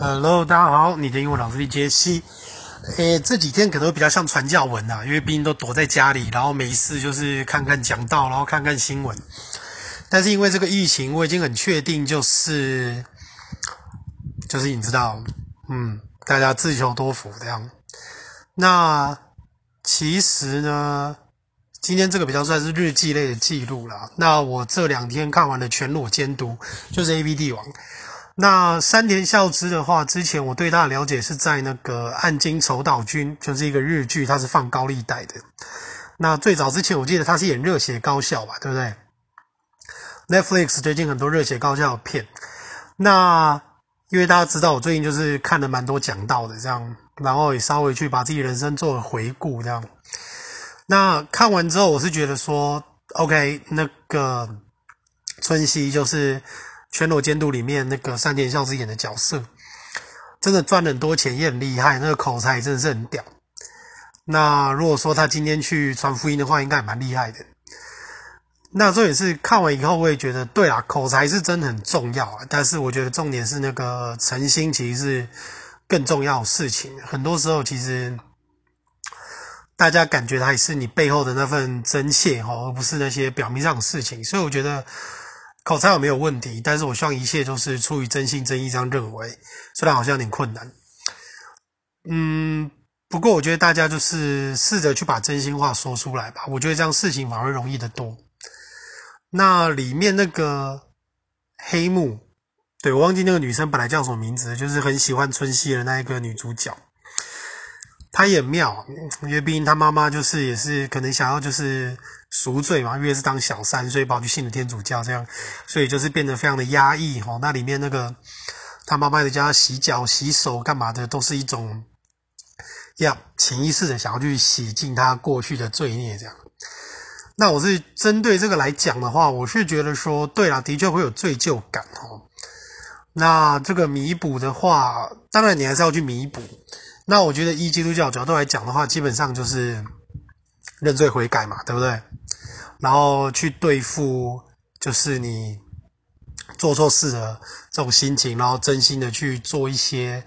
Hello，大家好，你的英文老師機傑西，誒、欸，這幾天可能會比較像傳教文吶、啊，因為畢竟都躲在家裡，然後沒事就是看看講道，然後看看新聞。但是因為這個疫情，我已經很確定就是就是你知道，嗯，大家自求多福這樣。那其實呢，今天這個比較算是日記類的記錄了。那我這兩天看完了全裸監督，就是 AV 帝王。那山田孝之的話，之前我對他的了解是在那個暗金醜島君，就是一個日劇，他是放高利貸的。那最早之前我記得他是演熱血高校吧，對不對？Netflix 最近很多熱血高校的片。那因為大家知道，我最近就是看了蠻多講道的這樣，然後也稍微去把自己人生做了回顧這樣。那看完之後，我是覺得說，OK，那個春熙就是。《全裸監督》裡面那個山田孝之演的角色，真的賺很多錢也很厲害，那個口才真的是很屌。那如果說他今天去傳福音的話，應該也蠻厲害的。那這也是看完以後，我也覺得，對啦，口才是真的很重要啊。但是我覺得重點是那個誠心，其實是更重要的事情。很多時候，其實大家感覺還是你背後的那份真切齁，而不是那些表面上的事情。所以我覺得。口才有沒有問題？但是我希望一切都是出於真心真意這樣認為。雖然好像有點困難，嗯，不過我覺得大家就是試着去把真心話說出來吧。我覺得這樣事情反而容易得多。那裡面那個黑木，對，我忘記那個女生本來叫什麼名字，就是很喜歡春熙的那一個女主角，她也很妙，因為畢竟她媽媽就是也是可能想要就是。贖罪嘛，因為是當小三，所以跑去信了天主教，這樣，所以就是變得非常的壓抑哦。那裡面那個他媽媽在家洗腳、洗手幹嘛的，都是一種要潛意識的想要去洗盡他過去的罪孽這樣。那我是針對這個來講的話，我是覺得說，對啦，的確會有罪疚感哦。那這個彌補的話，當然你還是要去彌補。那我覺得以基督教角度來講的話，基本上就是認罪悔改嘛，對不對？然後去對付，就是你做錯事的這種心情，然後真心的去做一些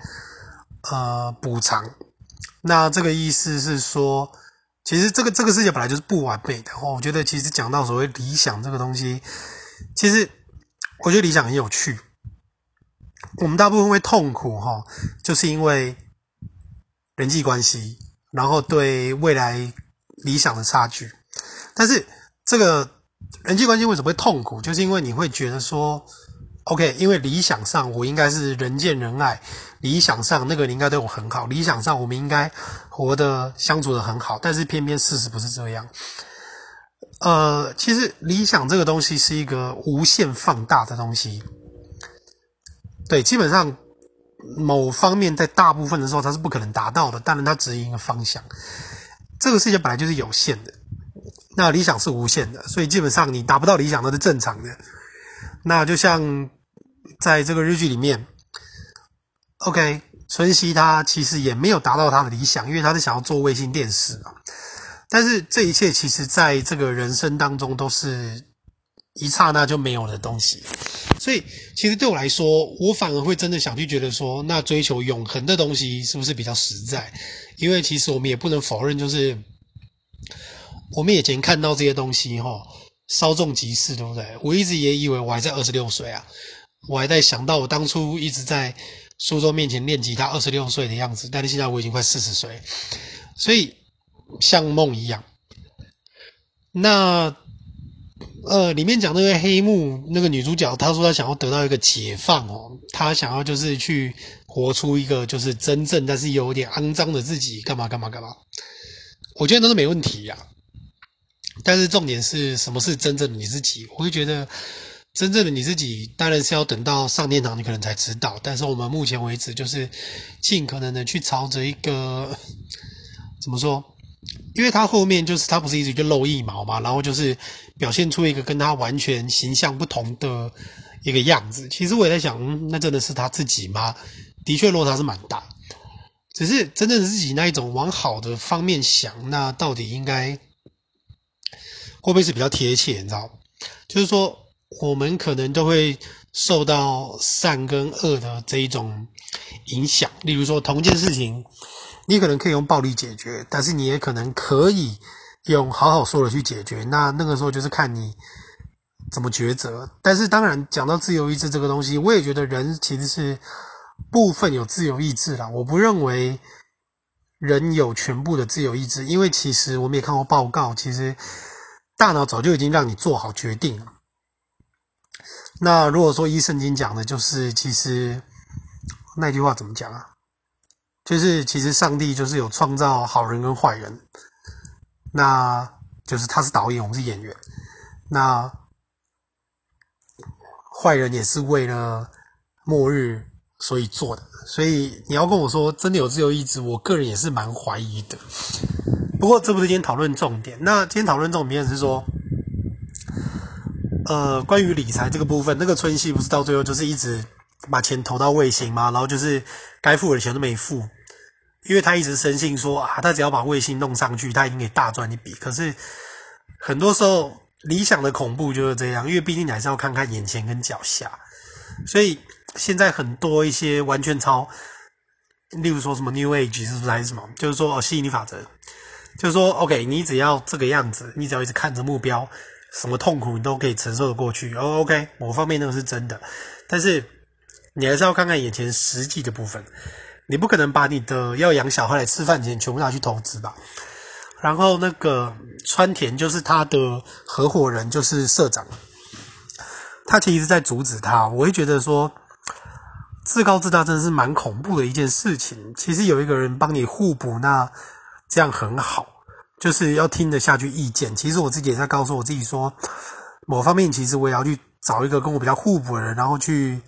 呃補償。那這個意思是說，其實這個這個世界本來就是不完美的哦。我覺得其實講到所謂理想這個東西，其實我覺得理想很有趣。我們大部分會痛苦哦，哈，就是因為人際關係，然後對未來理想的差距，但是。這個人際關係為什麼會痛苦？就是因為你會覺得說，OK，因為理想上我應該是人見人愛，理想上那個人應該對我很好，理想上我們應該活得相處得很好，但是偏偏事實不是這樣。呃，其實理想這個東西是一個無限放大的東西，對，基本上某方面在大部分的時候它是不可能達到的，當然它指引一個方向。這個世界本來就是有限的。那理想是無限的，所以基本上你達不到理想都是正常的。那就像在這個日劇裡面，OK，村西他其實也沒有達到他的理想，因為他是想要做衛星電視啊。但是這一切其實在這個人生當中都是一剎那就沒有的東西。所以其實對我來說，我反而會真的想去覺得說，那追求永恆的東西是不是比較實在？因為其實我們也不能否認，就是。我們以前看到這些東西、哦，哈，稍縱即逝，對不對？我一直也以為我還在二十六歲啊，我還在想到我當初一直在蘇州面前練吉他二十六歲的樣子，但是現在我已經快四十歲，所以像夢一樣。那，呃，裡面講那個黑幕，那個女主角她說她想要得到一個解放哦，她想要就是去活出一個就是真正但是有點骯髒的自己，幹嘛幹嘛幹嘛？我覺得都是沒問題呀、啊。但是重點是什麼是真正的你自己？我會覺得，真正的你自己當然是要等到上天堂你可能才知道。但是我們目前為止，就是儘可能的去朝着一個怎麼說？因為他後面就是他不是一直就露一毛嘛，然後就是表現出一個跟他完全形象不同的一個樣子。其實我也在想，嗯，那真的是他自己嗎？的確落差是蠻大。只是真正的自己那一種往好的方面想，那到底應該？會不會是比較貼切？你知道嗎，就是說，我們可能都會受到善跟惡的這一種影響。例如說，同一件事情，你可能可以用暴力解決，但是你也可能可以用好好說的去解決。那那個時候就是看你怎麼抉擇。但是，當然，講到自由意志這個東西，我也覺得人其實是部分有自由意志啦。我不認為人有全部的自由意志，因為其實我們也看過報告，其實。大腦早就已經讓你做好決定了。那如果說依《聖經》講的就是，其實那句話怎麼講啊？就是其實上帝就是有創造好人跟壞人，那就是他是導演，我們是演員。那壞人也是為了末日所以做的，所以你要跟我說真的有自由意志，我個人也是蠻懷疑的。不過這不是今天討論重點。那今天討論重點是說，呃，關於理財這個部分，那個村西不是到最後就是一直把錢投到衛星嗎？然後就是該付的錢都沒付，因為他一直深信說啊，他只要把衛星弄上去，他已經可以大賺一筆。可是很多時候理想的恐怖就是這樣，因為畢竟你還是要看看眼前跟腳下。所以現在很多一些完全超，例如說什麼 New Age 是不是還是什麼，就是說哦，吸引力法則，就是說，OK，你只要這個樣子，你只要一直看着目標，什麼痛苦你都可以承受得過去。哦，OK，某方面那是真的，但是你還是要看看眼前實際的部分。你不可能把你的要養小孩來吃飯錢全部拿去投資吧？然後那個川田就是他的合夥人，就是社長，他其實一直在阻止他。我會覺得說，自高自大真的是蠻恐怖的一件事情。其實有一個人幫你互補，那。這樣很好，就是要聽得下去意見。其實我自己也在告訴我自己說，某方面其實我也要去找一個跟我比較互補的人，然後去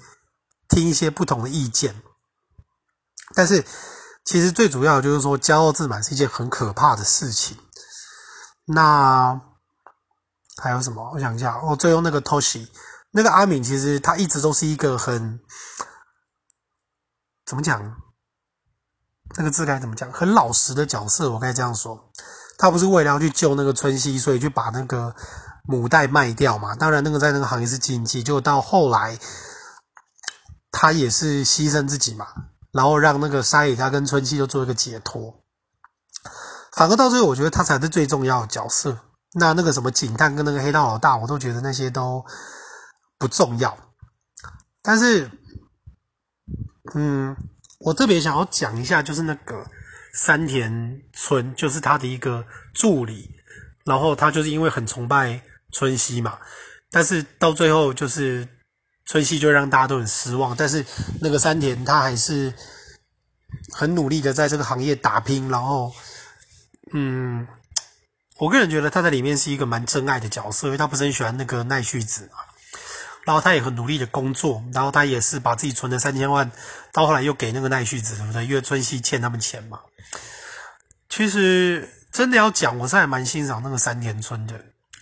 聽一些不同的意見。但是，其實最主要的就是說，驕傲自滿是一件很可怕的事情。那還有什麼？我想一下，我、哦、最後那個 Toshi 那個阿敏，其實他一直都是一個很怎麼講？那個字該怎麼講？很老實的角色，我該這樣說。他不是為了要去救那個春希，所以去把那個母帶賣掉嘛。當然，那個在那個行業是禁忌。就到後來，他也是犧牲自己嘛，然後讓那個山野家跟春希就做一個解脫。反而到最後，我覺得他才是最重要的角色。那那個什麼警探跟那個黑道老大，我都覺得那些都不重要。但是，嗯。我特別想要講一下，就是那個三田村，就是他的一個助理，然後他就是因為很崇拜春熙嘛，但是到最後就是春熙就讓大家都很失望，但是那個三田他還是很努力的在這個行業打拼，然後，嗯，我個人覺得他在裡面是一個蠻真愛的角色，因為他不是很喜歡那個奈緒子嘛。然後他也很努力的工作，然後他也是把自己存的三千萬，到後來又給那個奈緒子，對不對？因為村西欠他們錢嘛。其實真的要講，我是還蠻欣賞那個三田村的，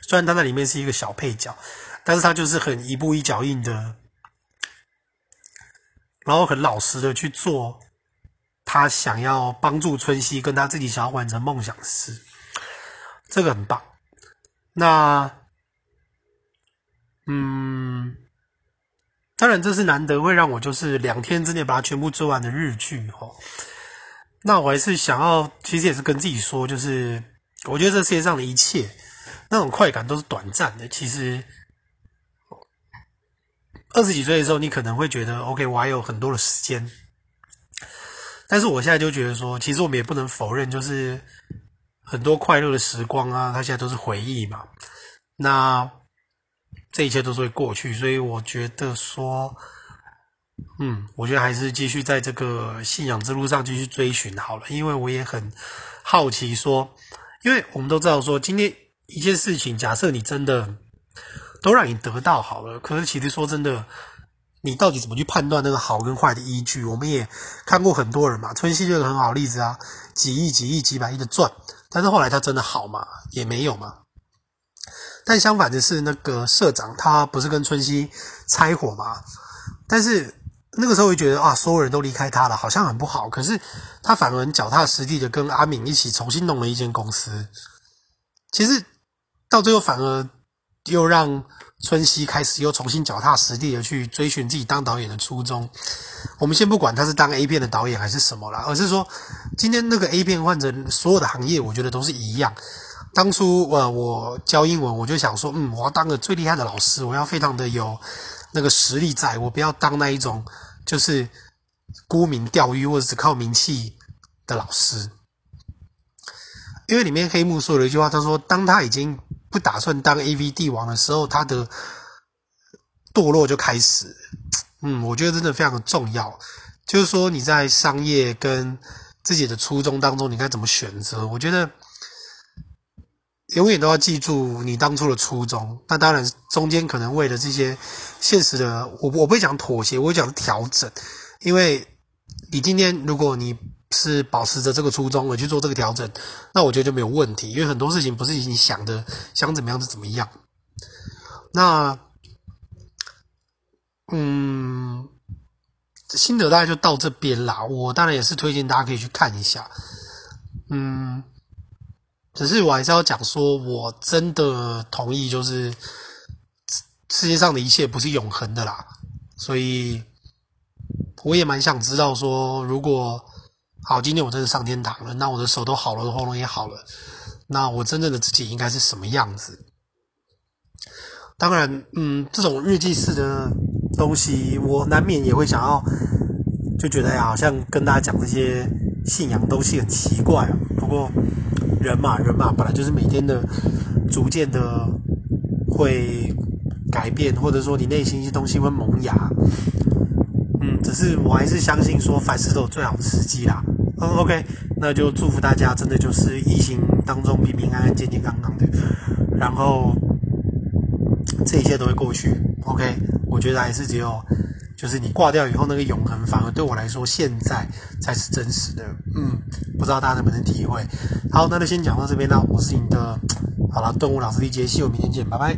雖然他在裡面是一個小配角，但是他就是很一步一腳印的，然後很老實的去做他想要幫助村西，跟他自己想要完成夢想的事，這個很棒。那。嗯，當然，這是難得會讓我就是兩天之內把它全部做完的日劇哦，那我還是想要，其實也是跟自己說，就是我覺得這世界上的一切那種快感都是短暫的。其實二十幾歲的時候，你可能會覺得 OK，我還有很多的時間。但是我現在就覺得說，其實我們也不能否認，就是很多快樂的時光啊，它現在都是回憶嘛。那。這一切都是會過去，所以我覺得說，嗯，我覺得還是繼續在這個信仰之路上繼續追尋好了。因為我也很好奇說，因為我們都知道說，今天一件事情，假設你真的都讓你得到好了，可是其實說真的，你到底怎麼去判斷那個好跟壞的依據？我們也看過很多人嘛，春熙就是很好例子啊，幾億、幾億、幾百億的賺，但是後來他真的好嘛？也沒有嘛？但相反的是，那個社長他不是跟春熙拆夥嗎？但是那個時候會覺得啊，所有人都離開他了，好像很不好。可是他反而腳踏實地的跟阿敏一起重新弄了一間公司。其實到最後反而又讓春熙開始又重新腳踏實地的去追尋自己當導演的初衷。我們先不管他是當 A 片的導演還是什麼啦，而是說今天那個 A 片換成所有的行業，我覺得都是一樣。當初，呃，我教英文，我就想說，嗯，我要當個最厲害的老師，我要非常的有那個實力在，在我不要當那一種就是沽名釣譽或者只靠名氣的老師。因為裡面黑木說了一句話，他說，當他已經不打算當 AV 帝王的時候，他的墮落就開始。嗯，我覺得真的非常的重要，就是說你在商業跟自己的初衷當中，你該怎麼選擇？我覺得。永遠都要記住你當初的初衷。那當然，中間可能為了這些現實的，我我不會講妥協，我會講調整。因為你今天如果你是保持着這個初衷，我去做這個調整，那我覺得就沒有問題。因為很多事情不是你想的，想怎麼樣就怎麼樣。那嗯，心得大概就到這邊啦。我當然也是推薦大家可以去看一下。嗯。只是我還是要講說，我真的同意，就是世界上的一切不是永恆的啦。所以，我也蠻想知道說，如果好，今天我真的上天堂了，那我的手都好了，喉嚨也好了，那我真正的自己應該是什麼樣子？當然，嗯，這種日記式的東西，我難免也會想要就覺得，哎，好像跟大家講這些信仰東西很奇怪。不過，人嘛，人嘛，本來就是每天的，逐漸的會改變，或者說你內心一些東西會萌芽。嗯，只是我還是相信說，凡事都有最好的時機啦。嗯，OK，那就祝福大家，真的就是疫情當中平平安安、健健康康的，然後這一切都會過去。OK，我覺得還是只有。就是你掛掉以後那個永恆，反而對我來說，現在才是真實的。嗯，不知道大家能不能體會。好，那就先講到這邊了。我是你的，好了，頓悟老師機傑西，明天見，拜拜。